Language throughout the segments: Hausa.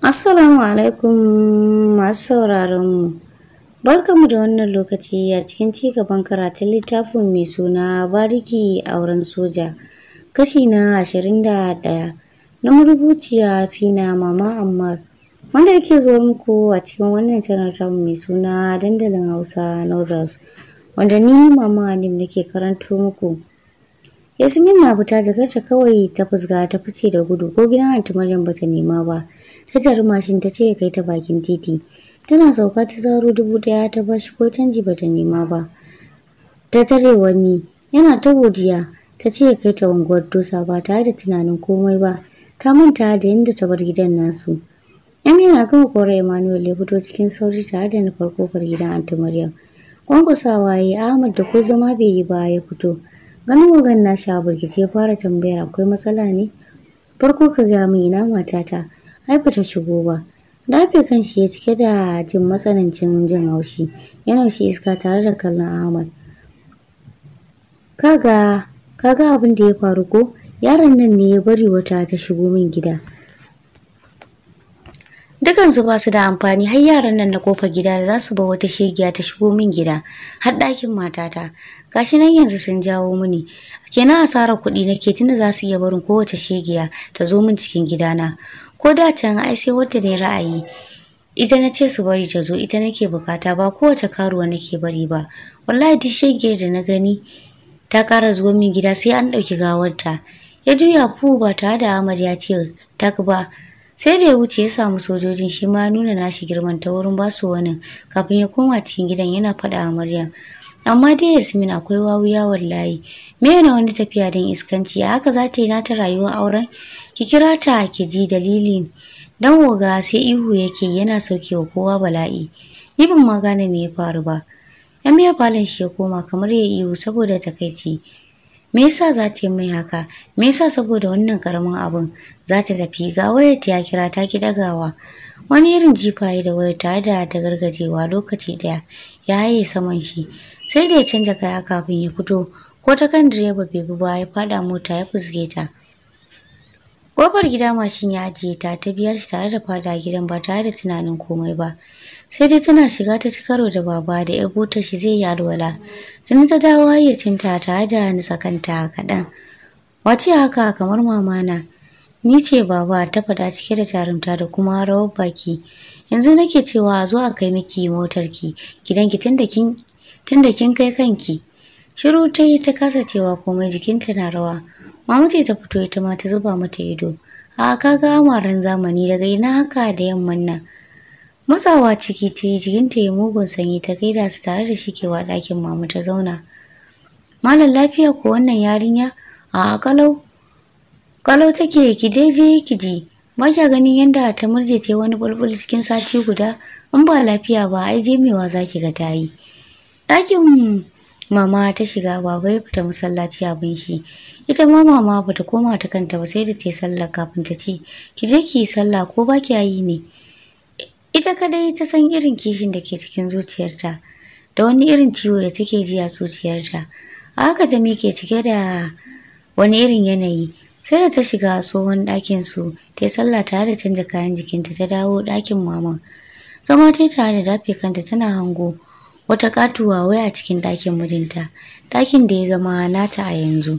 Assalamu alaikum masu sauraron Barka mu da wannan lokaci a cikin ci gaban karatun littafin mai suna bariki auren soja kashi na ashirin da ɗaya na marubuciya fina mama ammar wanda yake zuwa muku a cikin wannan channel tamu mai suna dandalin hausa novels wanda ni mama alim nake karanto muku Yasmin na fita jakar ta kawai ta fusga ta fice da gudu ko gidan Aunty Maryam bata nema ba. Ta tari mashin ta ce ya kai ta bakin titi. Tana sauka ta zaro dubu daya ta bashi ko canji bata nema ba. Ta tare wani yana ta godiya ta ce ya kai ta unguwar dosa ba tare da tunanin komai ba. Ta manta da yadda ta bar gidan nasu. Amina na gama kora Emmanuel ya fito cikin sauri tare da na farko, far gidan Aunty Maryam. Kwankwasawa ya Ahmad da ko zama bai yi ba ya fito. magan na shi a burkice ya fara tambayar akwai matsala ne? Farko ka ga min ina matata, ai ba ta shigo ba. Dafe kan shi ya cike da jin matsanancin jin haushi, yana shi iska tare da kallon Ahmad. Kaga, kaga abin da ya faru ko? Yaron nan ne ya bari wata ta shigo min gida. dukansu ba su da amfani har yaran nan na kofa gida da za su ba wata shegiya ta shigo min gida har ɗakin matata gashi nan yanzu sun jawo mini kenan asarar kuɗi nake tunda za su iya barin kowace shegiya ta zo min cikin gidana ko da can ai sai wadda ne ra'ayi ita na ce su bari ta zo ita nake bukata ba kowace karuwa nake bari ba wallahi duk shegiyar da na gani ta ƙara zuwa min gida sai an ɗauki gawarta ya juya fu ba tare da amarya ya ce tak ba sai da ya wuce ya samu sojojin shi ma nuna nashi girman ta wurin ba su wani kafin ya koma cikin gidan yana faɗa a maryam amma dai yasmin akwai wawuya wallahi me yana wani tafiya don iskanci a haka za ta yi nata rayuwar auren ki kira ta ki ji dalilin dan woga sai ihu yake yana saukewa kowa bala'i ni ban ma gane me ya faru ba miya falon shi ya koma kamar ya ihu saboda takaici. me yasa za ta yi mai haka me yasa saboda wannan karamin abin za ta tafi ga wayar ta ya kira ta ki dagawa wani irin jifaye da wayar ta da ta gargajewa lokaci daya ya haye saman shi sai da ya canja kaya kafin ya fito ko ta kan direba bai bi ba ya fada mota ya fusgeta Kofar gida mashin ya ajiye ta ta biya shi tare da fada gidan ba tare da tunanin komai ba. Sai dai tana shiga ta ci karo da baba da ‘yar butar shi zai yi alwala. Tuni ta dawo hayyacinta tare da nisa kaɗan. Wace haka kamar mamana. Ni ce baba ta fada cike da jarumta da kuma rawar baki. Yanzu nake cewa a zo a kai miki motarki gidanki tunda kin tunda kin kai kanki. Shiru ta yi ta kasa cewa komai jikinta na rawa. Mama ce ta fito ita ma ta zuba mata ido. A kaga amaran zamani daga ina haka da yamman nan. Matsawa ciki ta yi jikinta ya mugun sanyi ta gaida su tare da shi kewa ɗakin mama ta zauna. Malam lafiya ko wannan yarinya? A kalau. Kalau take ki dai je ki ji. Ba kya ganin yadda ta murje ta yi wani bulbul cikin sati guda in ba lafiya ba ai jemewa za ki ga tayi. Ɗakin mama ta shiga baba ya fita masallaci abin shi. ita ma mama ba ta koma ta kanta ba sai da ta yi sallah kafin ta ce ki je ki yi sallah ko ba ki yi ne ita kadai ta san irin kishin da ke cikin zuciyarta da wani irin ciwo da take ji a zuciyarta a haka ta miƙe cike da wani irin yanayi sai da ta shiga tsohon ɗakin su ta yi sallah tare da canja kayan jikinta ta dawo ɗakin maman zama ta tare da dafe kanta tana hango wata katuwa waya cikin ɗakin mijinta ɗakin da ya zama nata a yanzu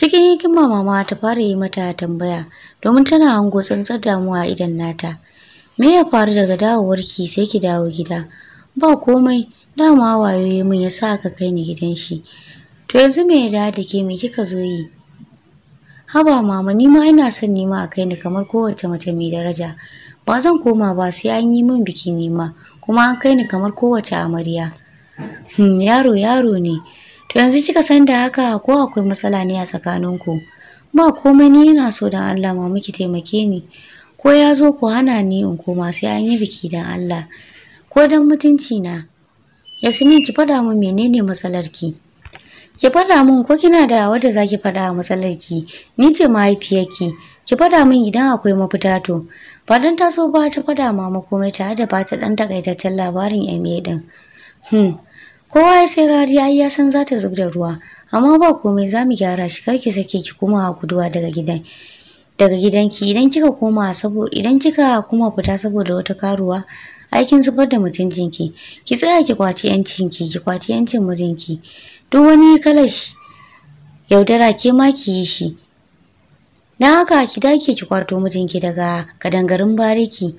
Cikin hikima mama ta fara yi mata tambaya domin tana hango tsantsar damuwa idan nata. Me ya faru daga dawowarki sai ki dawo gida? Ba komai dama wayoyi mun yasa aka kai ni gidan shi. To yanzu me ya da ke me kika zo yi? Haba mama ni ma ina son nima a kai ni kamar kowace mace mai daraja. Ba zan koma ba sai an yi min biki nima kuma an kai ni kamar kowace amarya. Hmm, yaro yaro ne. To yanzu kika san da haka ko akwai matsala ne a tsakaninku? Ba komai ni ina so dan Allah ma miki taimake ni. Ko ya zo ku hana ni in koma sai an yi biki dan Allah. Ko dan mutunci na. Yasmin ki faɗa mu menene matsalar ki? Ki faɗa min ko kina da wadda zaki ki faɗa matsalar ki? Ni ce mahaifiyarki. Ki faɗa min idan akwai mafita to. Ba dan taso ba ta faɗa ma makomai tare da ba ta ɗan takaitaccen labarin MA Hmm. kowa ya sai rariya ya san za ta zub da ruwa amma ba komai za mu gyara shi kar ki sake ki kuma guduwa daga gidan daga gidanki idan kika koma sabo idan kika kuma fita saboda wata karuwa aikin zubar da mutuncinki ki tsaya ki kwaci yancin ki kwaci yancin mijinki duk wani kalar shi yaudara ke ma ki yi shi Na haka ki dake ki kwato mijinki daga kadangarin bariki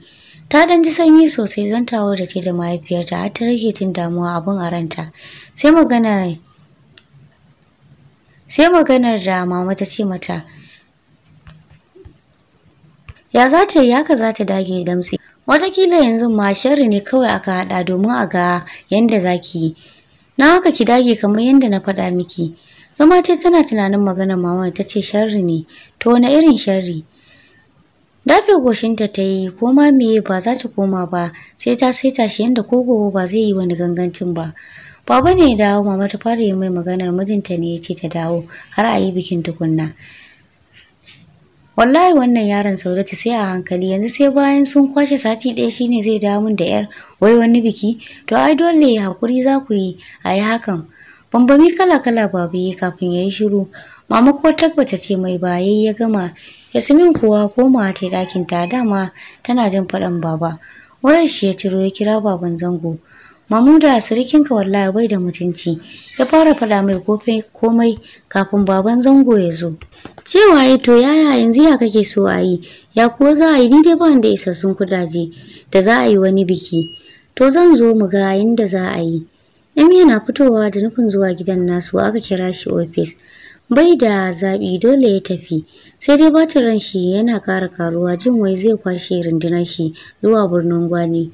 Ta ɗan ji sanyi sosai zantawar da ke da mahaifiyarta har ta rage jin damuwa abin a ranta. Sai magana sai maganar da mama ta ce mata ya za ta yi haka za ta dage damsi watakila yanzu ma sharri ne kawai aka haɗa domin a ga yadda za ki yi na haka ki dage kamar yadda na faɗa miki zama ce tana tunanin maganar mama ta ce sharri ne to wani irin sharri Dafe goshinta ta yi ko ma meye ba za ta koma ba sai ta saita shi yadda ko ba zai yi wani gangancin ba. Baba ne ya dawo mama ta fara yi mai maganar mijinta ne ya ce ta dawo har a yi bikin tukunna. Wallahi wannan yaron Saudatu sai a hankali yanzu sai bayan sun kwashe sati ɗaya shine zai dawo min da yar wai wani biki to ai dole ya hakuri za ku yi a yi hakan. Bambami kala kala babu yi kafin ya yi shiru mama ko tabbata ce mai baye ya gama yasmin kuwa komawa ta dakin ta dama tana jin faɗan baba wayar shi ya ciro ya kira baban zango mamuda sirikinka wallahi bai da mutunci ya fara faɗa mai komai kafin baban zango ya zo cewa ya to yaya yanzu ya kake so a yi ya kuwa za a yi ni dai ba da isassun kudaje da za a yi wani biki to zan zo mu ga yadda za a yi Emi yana fitowa da nufin zuwa gidan nasu aka kira shi ofis. bai da zaɓi dole ya tafi sai dai bacin shi yana ƙara karuwa jin wai zai kwashe rundunar shi zuwa birnin gwani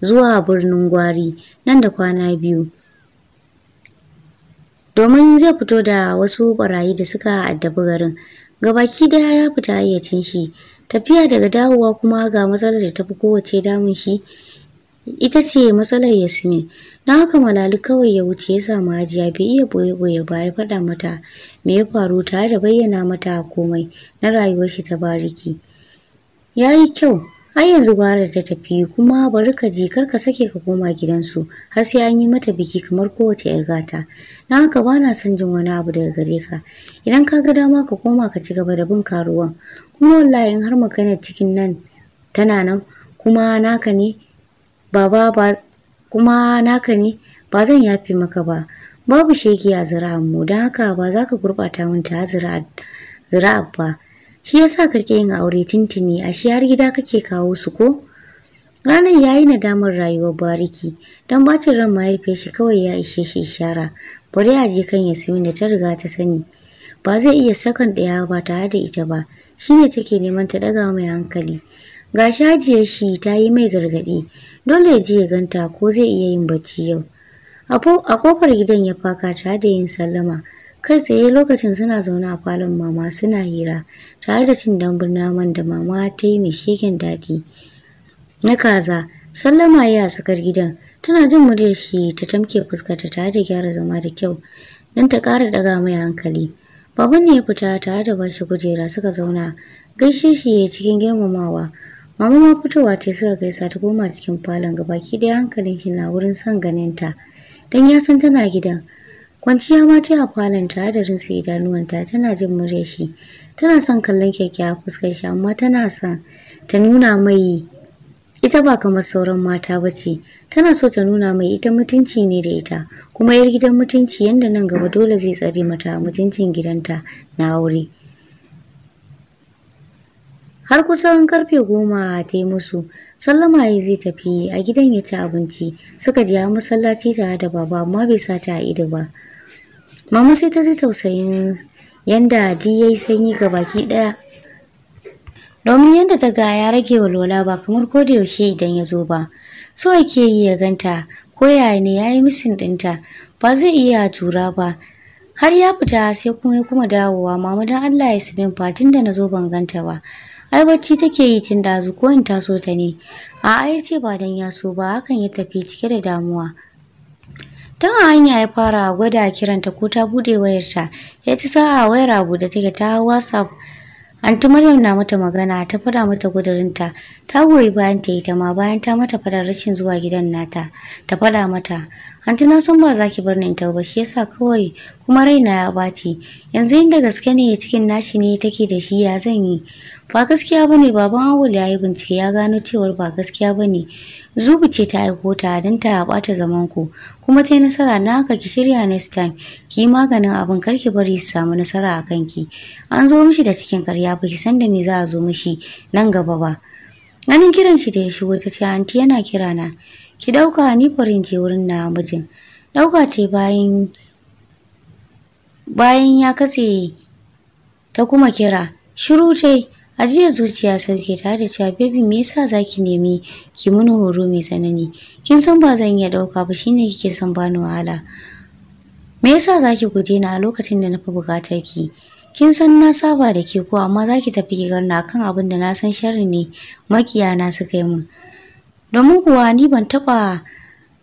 zuwa birnin gwari nan da kwana biyu domin zai fito da wasu barayi da suka addabi garin gabaki daya ya fita ayyacin shi tafiya daga dawowa kuma ga matsalar da ta fi kowace damun shi ita ce matsalar Yasmin. Na haka Malalu kawai ya wuce ya samu Hajiya bai iya boye-boye ba ya faɗa mata me ya faru tare da bayyana mata komai na rayuwar shi ta bariki. Ya yi kyau, har yanzu gwara ta tafi kuma bari ka je kar ka sake ka koma gidansu har sai an yi mata biki kamar kowace 'yar gata. Na haka ba na son jin wani abu daga gare ka. Idan ka ga dama ka koma ka ci gaba da bin karuwan. Kuma wallahi in har maganar cikin nan tana nan kuma naka ne baba ba kuma naka ne ba zan yafe maka ba babu shege a zira'ar mu don haka ba za ka gurɓata min ta zira'a ba shi ya sa kake yin aure tintini a shi har gida kake kawo su ko ranar yayi nadamar rayuwar bariki don bacin ran mahaifiyar shi kawai ya ishe shi shara. bari a je kan yasmin da ta riga ta sani ba zai iya sakan ɗaya ba tare da ita ba shine take neman ta ɗaga mai hankali gashi hajiyar shi ta yi mai gargaɗi dole ya je ya ganta ko zai iya yin bacci yau a kofar gidan ya faka tare da yin sallama kai tsaye lokacin suna zaune a falon mama suna hira tare da cin dambun naman da mama ta yi mai shegen daɗi na kaza sallama ya a gidan tana jin muryar shi ta tamke fuskarta tare da gyara zama da kyau don ta ƙara ɗaga mai hankali baban ne ya fita tare da bashi kujera suka zauna gaishe shi cikin girmamawa Mama ma fitowa ce suka gaisa ta koma cikin falon ki da hankalin shi na wurin son ganin ta. Dan ya san tana gidan. Kwanciya ma ta a falon ta da rinsa idanuwanta tana jin murya shi. Tana son kallon kyakkyawa fuskar shi amma tana son ta nuna mai ita ba kamar sauran mata ba ce tana so ta nuna mai ita mutunci ne da ita kuma yar gidan mutunci yanda nan gaba dole zai tsare mata mutuncin gidanta na aure har kusan karfe goma ta yi musu sallama ya zai tafi a gidan ya ci abinci suka je a masallaci tare da baba amma bai sa ta a ido ba mama sai ta ji tausayin yanda ji ya yi sanyi ga baki ɗaya domin yadda ta ga ya rage walwala ba kamar ko da yaushe idan ya zo ba so yake yi ya ganta ko ne ya yi misin ɗinta ba zai iya tura ba har ya fita sai kuma ya kuma dawowa mama don Allah ya sabin fatin da na zo ban ganta ba ai bacci take yi tun dazu ko in taso ta ne a'a ya ce ba dan ya so ba hakan ya tafi cike da damuwa tun a hanya ya fara gwada kiranta ko ta bude wayarta ya ci sa'a wayar abu da take ta whatsapp Anti Maryam na mata magana ta fada mata gudurinta ta goyi bayan ta ita ma bayan ta mata fadar rashin zuwa gidan nata ta fada mata Anti na san ba zaki bar ni ba shi yasa kawai kuma raina ya baci yanzu inda gaske ne cikin nashi ne take da shi ya zan yi ba gaskiya bane baban awul ya yi bincike ya gano cewar ba gaskiya bane zubu ce ta aiko ta don ta bata zaman ku kuma ta nasara na haka ki shirya next time ki yi maganin abin kar ki bari su samu nasara a kanki an zo mishi da cikin karya ba ki san da me za a zo mishi nan gaba ba ganin kiran shi da ya shigo ta ce anti yana kira na ki dauka ni farin je wurin na mijin dauka ce bayan bayan ya katse ta kuma kira shiru ce Ajiyar zuciya sauke tare da cewa baby me yasa zaki nemi ki mun horo mai tsanani? Kin san ba zan iya ɗauka ba shine kike son bani wahala. Me yasa zaki guje ni a lokacin da na fi buƙatar ki? Kin san na saba da ke ko amma zaki tafi ki garna akan abin da na san sharri ne makiyana suka yi min. Domin kuwa ni ban taɓa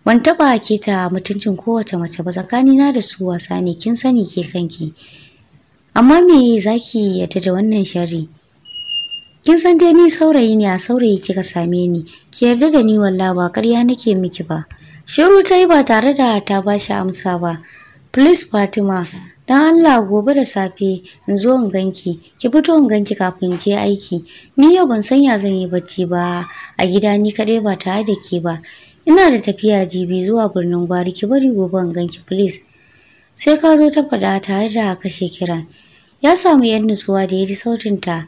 Ban taba ta mutuncin kowace mace ba tsakanina da su wasa ne kin sani ke kanki. Amma me zaki yadda da wannan sharri? Kin san dai ni saurayi ne a saurayi kika same ni. Ki yarda da ni walla ba ƙarya nake miki ba. Shiru ta yi ba tare da ta ba shi amsa ba. Please Fatima, dan Allah gobe da safe in zo in ganki. Ki fito in ganki kafin je aiki. Ni yau ban san ya zan yi bacci ba a gida ni kaɗai ba tare da ke ba. Ina da tafiya jibi zuwa birnin Gwari ki bari gobe in ganki please. Sai ka zo ta faɗa tare da kashe kiran. Ya samu yan nutsuwa da ya ji sautin ta.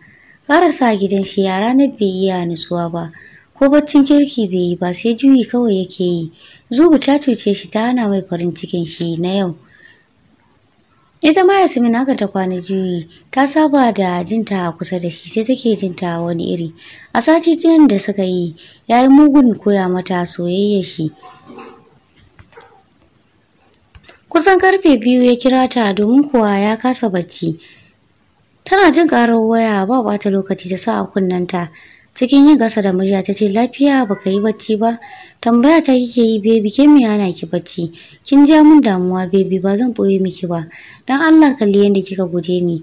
Ƙarasa gidan shi ya ranar bai iya nutsuwa ba, ko baccin kirki bai yi ba sai juyi kawai yake yi. Zubu ta cuce shi ta hana mai farin cikin shi na yau. Ita ma Yasmin haka ta kwana juyi, ta saba da jinta a kusa da shi sai take jinta wani iri. A sati ɗayan da suka yi, ya yi mugun koya mata soyayya shi. Kusan karfe biyu ya kira ta domin kuwa ya kasa bacci. Tana jin karar waya ba bata lokaci ta sa a kunnanta. Cikin yin gasa da murya ta ce lafiya ba ka yi bacci ba. Tambaya ta kike yi bebi ke me yana ki bacci? Kin ja mun damuwa bebi ba zan ɓoye miki ba. Dan Allah kalli yanda kika guje ni.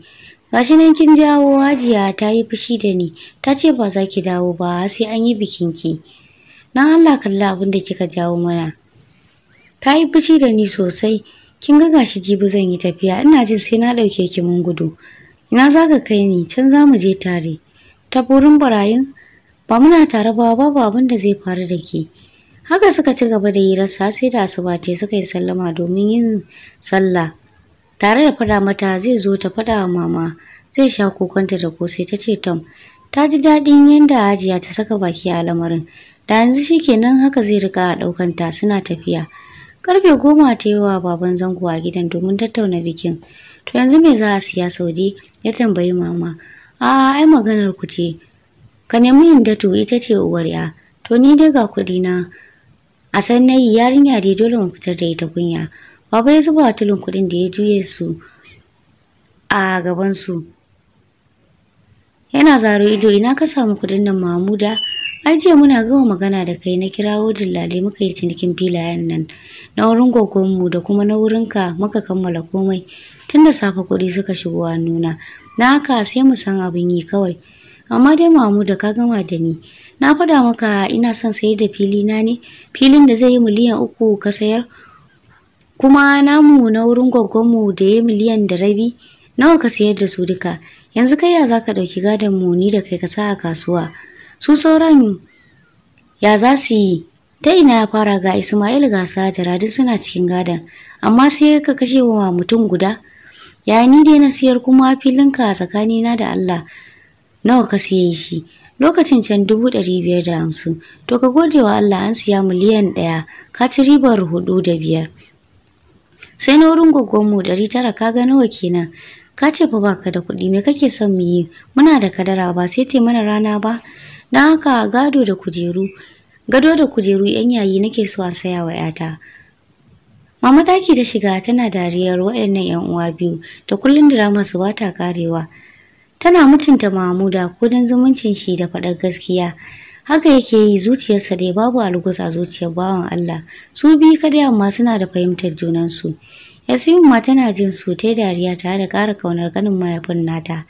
Gashi nan kin jawo hajiya ta yi fushi da ni. Ta ce ba za ki dawo ba sai an yi bikin ki. Dan Allah kalli abin da kika jawo mana. Ta yi fushi da ni sosai. Kin ga gashi jibi zan yi tafiya ina jin sai na ɗauke ki mun gudu. ina za ka kai ni can za mu je tare ta burin barayin ba muna tare ba babu abin da zai faru da ke haka suka ci gaba da yi rasa sai da asuba ta suka yi sallama domin yin sallah tare da fada mata zai zo ta fada wa mama zai sha kukanta da kosai ta ce tom ta ji daɗin yadda hajiya ta saka baki a lamarin da yanzu shi kenan haka zai rika a ɗaukanta suna tafiya karfe goma ta yi wa baban zango a gidan domin tattauna bikin To yanzu me za a siya saudi Ya tambayi mama. A ai maganar ku ce. Ka nemi datu ita ce uwar ya. To ni dai ga kuɗi na. A san nayi yarinya dai dole mu fitar da ita kunya. Baba ya zuba tulun kuɗin da ya juye su a gabansu. Yana zaro ido ina ka samu kuɗin nan mamuda Ai jiya muna gama magana da kai na kirawo dillale muka yi cinikin filayen nan na wurin gogonmu da kuma na wurinka muka kammala komai. Tunda da safe kuɗi suka shigo nuna. na haka sai mu san abin yi kawai amma dai mamu da ka gama da ni na faɗa maka ina son sayar da fili na ne filin da zai yi miliyan uku ka sayar kuma namu na wurin gwaggonmu da ya miliyan da rabi nawa ka sayar da su duka yanzu kai ya za ka ɗauki gadon mu ni da kai ka sa a kasuwa su sauran ya za su yi ta ina ya fara ga Ismail gasa Sajara duk suna cikin gadon amma sai ka kashe wa mutum guda ya ni dai na siyar kuma filin ka a tsakanina da Allah nawa ka siye shi lokacin can dubu ɗari biyar da hamsin to ka gode wa Allah an siya miliyan ɗaya ka ci ribar hudu da biyar sai na wurin gwaggonmu, ɗari tara ka ga nawa kenan ka ce fa baka da kuɗi me kake son mu yi muna da kadara ba sai te mana rana ba don haka gado da kujeru gado da kujeru yan yayi nake so a saya wa 'yata Mama daki da shiga tana dariyar waɗannan 'yan uwa biyu da kullum drama su ba ta karewa. Tana mutunta Mahmuda ko don zumuncin shi da faɗar gaskiya. Haka yake yi zuciyarsa dai babu algusa zuciyar bawan Allah. Su biyu kadai amma suna da fahimtar junansu. Yasimu ma tana jin su ta dariya tare da ƙara kaunar ganin mayafin nata.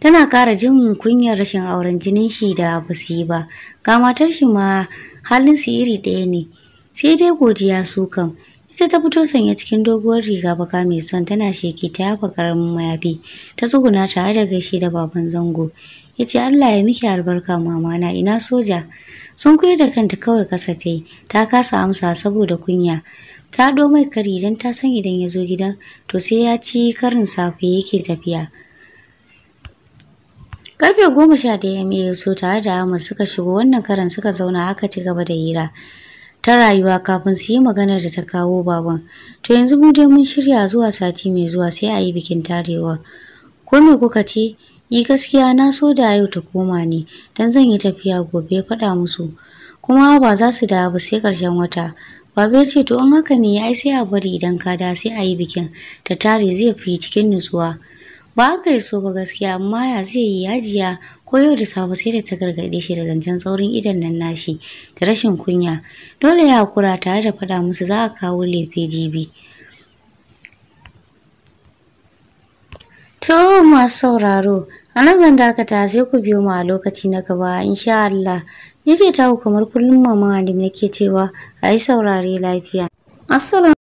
Tana ƙara jin kunyar rashin auren jinin shi da ba su yi ba. Ga matar shi ma halin su iri ɗaya ne. Sai dai godiya su kam. Ita ta fito sanya cikin doguwar riga baka mai son tana sheki ta yafa karamin mayafi. Ta tsuguna tare da gaishe da baban zango. Ya ce Allah ya miki albarka mama na ina soja. Sun kuyi da kanta kawai kasa ta yi. Ta kasa amsa saboda kunya. Ta haɗo mai kari idan ta san idan ya zo gidan to sai ya ci karin safe yake tafiya. Karfe goma sha ɗaya ya so tare da Ahmad suka shigo wannan karan suka zauna aka ci gaba da hira. ta rayuwa kafin su yi maganar da ta kawo baban. To yanzu mu dai mun shirya zuwa sati mai zuwa sai a yi bikin tarewar. Ko me kuka ce? Yi gaskiya na so da yau ta koma ne, dan zan yi tafiya gobe faɗa musu. Kuma ba za su dawo ba sai ƙarshen wata. Babu ya ce to in haka ne ai sai a bari idan ka da sai a yi bikin ta tare zai fi cikin nutsuwa. ba haka so ba gaskiya amma ya zai yi yajiya ko yau da safe sai da ta gargaɗe shi da zancen saurin idan nan nashi da rashin kunya dole ya kura tare da faɗa musu za a kawo lefe jibi to masu sauraro a nan zan dakata sai ku biyo mu a lokaci na gaba insha Allah ni ce ta kamar kullum mama da nake cewa a yi saurare lafiya assalamu